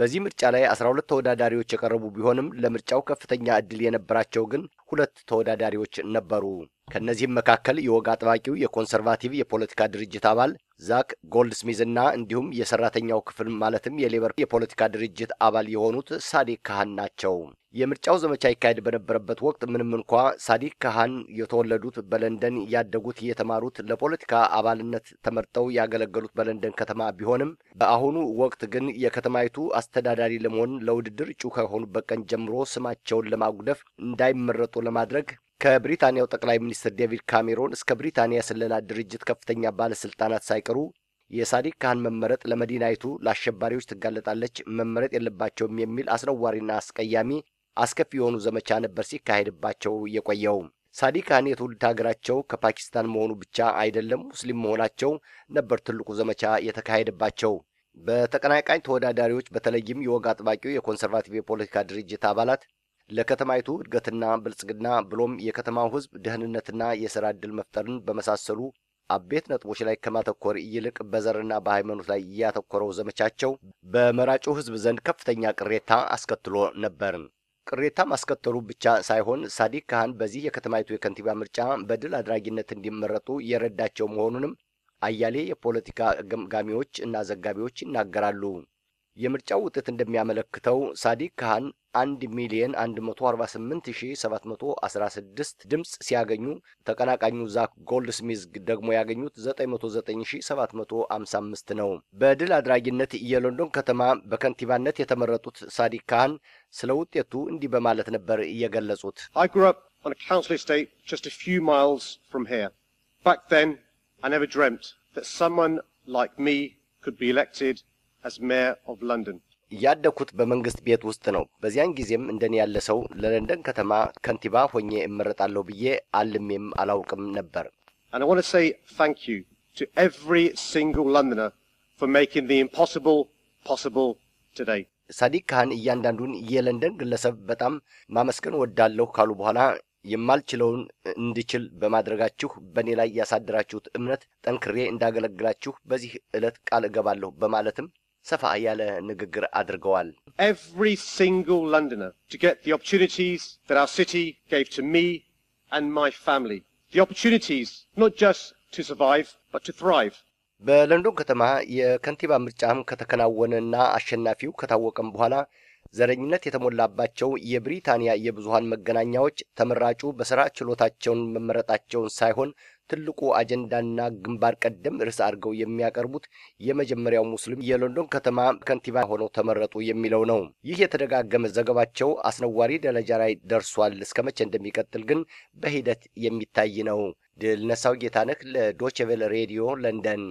በዚህ ምርጫ ላይ 12 ተወዳዳሪዎች የቀረቡ ቢሆንም ለምርጫው ከፍተኛ ዕድል የነበራቸው ግን ሁለት ተወዳዳሪዎች ነበሩ። ከእነዚህም መካከል የወግ አጥባቂው የኮንሰርቫቲቭ የፖለቲካ ድርጅት አባል ዛክ ጎልድስሚዝ እና እንዲሁም የሰራተኛው ክፍል ማለትም የሌበር የፖለቲካ ድርጅት አባል የሆኑት ሳዲቅ ካህን ናቸው። የምርጫው ዘመቻ ይካሄድ በነበረበት ወቅት ምንም እንኳ ሳዲቅ ካህን የተወለዱት በለንደን ያደጉት፣ የተማሩት፣ ለፖለቲካ አባልነት ተመርጠው ያገለገሉት በለንደን ከተማ ቢሆንም በአሁኑ ወቅት ግን የከተማይቱ አስተዳዳሪ ለመሆን ለውድድር እጩ ከሆኑበት ቀን ጀምሮ ስማቸውን ለማጉደፍ እንዳይመረጡ ለማድረግ ከብሪታንያው ጠቅላይ ሚኒስትር ዴቪድ ካሜሮን እስከ ብሪታንያ ስለላ ድርጅት ከፍተኛ ባለስልጣናት ሳይቀሩ የሳዲቅ ካህን መመረጥ ለመዲናይቱ ለአሸባሪዎች ትጋለጣለች፣ መመረጥ የለባቸውም የሚል አስነዋሪና አስቀያሚ አስከፊ የሆኑ ዘመቻ ነበር ሲካሄድባቸው የቆየው። ሳዲቅ ካህን የትውልድ ሀገራቸው ከፓኪስታን መሆኑ ብቻ አይደለም፣ ሙስሊም መሆናቸው ነበር ትልቁ ዘመቻ የተካሄደባቸው። በተቀናቃኝ ተወዳዳሪዎች በተለይም የወግ አጥባቂው የኮንሰርቫቲቭ የፖለቲካ ድርጅት አባላት ለከተማይቱ እድገትና ብልጽግና ብሎም የከተማው ህዝብ ደህንነትና የሥራ ዕድል መፍጠርን በመሳሰሉ አቤት ነጥቦች ላይ ከማተኮር ይልቅ በዘርና በሃይማኖት ላይ ያተኮረው ዘመቻቸው በመራጩ ህዝብ ዘንድ ከፍተኛ ቅሬታ አስከትሎ ነበር። ቅሬታ ማስከተሉ ብቻ ሳይሆን ሳዲቅ ካህን በዚህ የከተማይቱ የከንቲባ ምርጫ በድል አድራጊነት እንዲመረጡ የረዳቸው መሆኑንም አያሌ የፖለቲካ ገምጋሚዎች እና ዘጋቢዎች ይናገራሉ። የምርጫው ውጤት እንደሚያመለክተው ሳዲቅ ካህን አንድ ሚሊየን 148716 ድምፅ ሲያገኙ ተቀናቃኙ ዛክ ጎልድስሚዝ ደግሞ ያገኙት 909755 ነው። በድል አድራጊነት የሎንዶን ከተማ በከንቲባነት የተመረጡት ሳዲቅ ካህን ስለ ውጤቱ እንዲህ በማለት ነበር እየገለጹት። that someone like me could be elected as mayor of London. ያደኩት በመንግስት ቤት ውስጥ ነው። በዚያን ጊዜም እንደኔ ያለ ሰው ለለንደን ከተማ ከንቲባ ሆኜ እመረጣለሁ ብዬ አልሜም አላውቅም ነበር። ሳዲቅ ካህን እያንዳንዱን የለንደን ግለሰብ በጣም ማመስገን ወዳለሁ ካሉ በኋላ የማልችለውን እንድችል በማድረጋችሁ በእኔ ላይ ያሳደራችሁት እምነት ጠንክሬ እንዳገለግላችሁ በዚህ ዕለት ቃል እገባለሁ በማለትም ሰፋ ያለ ንግግር አድርገዋል። Every single Londoner to get the opportunities that our city gave to me and my family. The opportunities not just to survive but to thrive. በለንዶን ከተማ የከንቲባ ምርጫም ከተከናወነና አሸናፊው ከታወቀም በኋላ ዘረኝነት የተሞላባቸው የብሪታንያ የብዙሃን መገናኛዎች ተመራጩ በስራ ችሎታቸውን መመረጣቸውን ሳይሆን ትልቁ አጀንዳና ግንባር ቀደም ርዕስ አድርገው የሚያቀርቡት የመጀመሪያው ሙስሊም የሎንዶን ከተማ ከንቲባ ሆነው ተመረጡ የሚለው ነው። ይህ የተደጋገመ ዘገባቸው አስነዋሪ ደረጃ ላይ ደርሷል። እስከ መቼ እንደሚቀጥል ግን በሂደት የሚታይ ነው። ድል ነሳው ጌታነህ ለዶችቬል ሬዲዮ ለንደን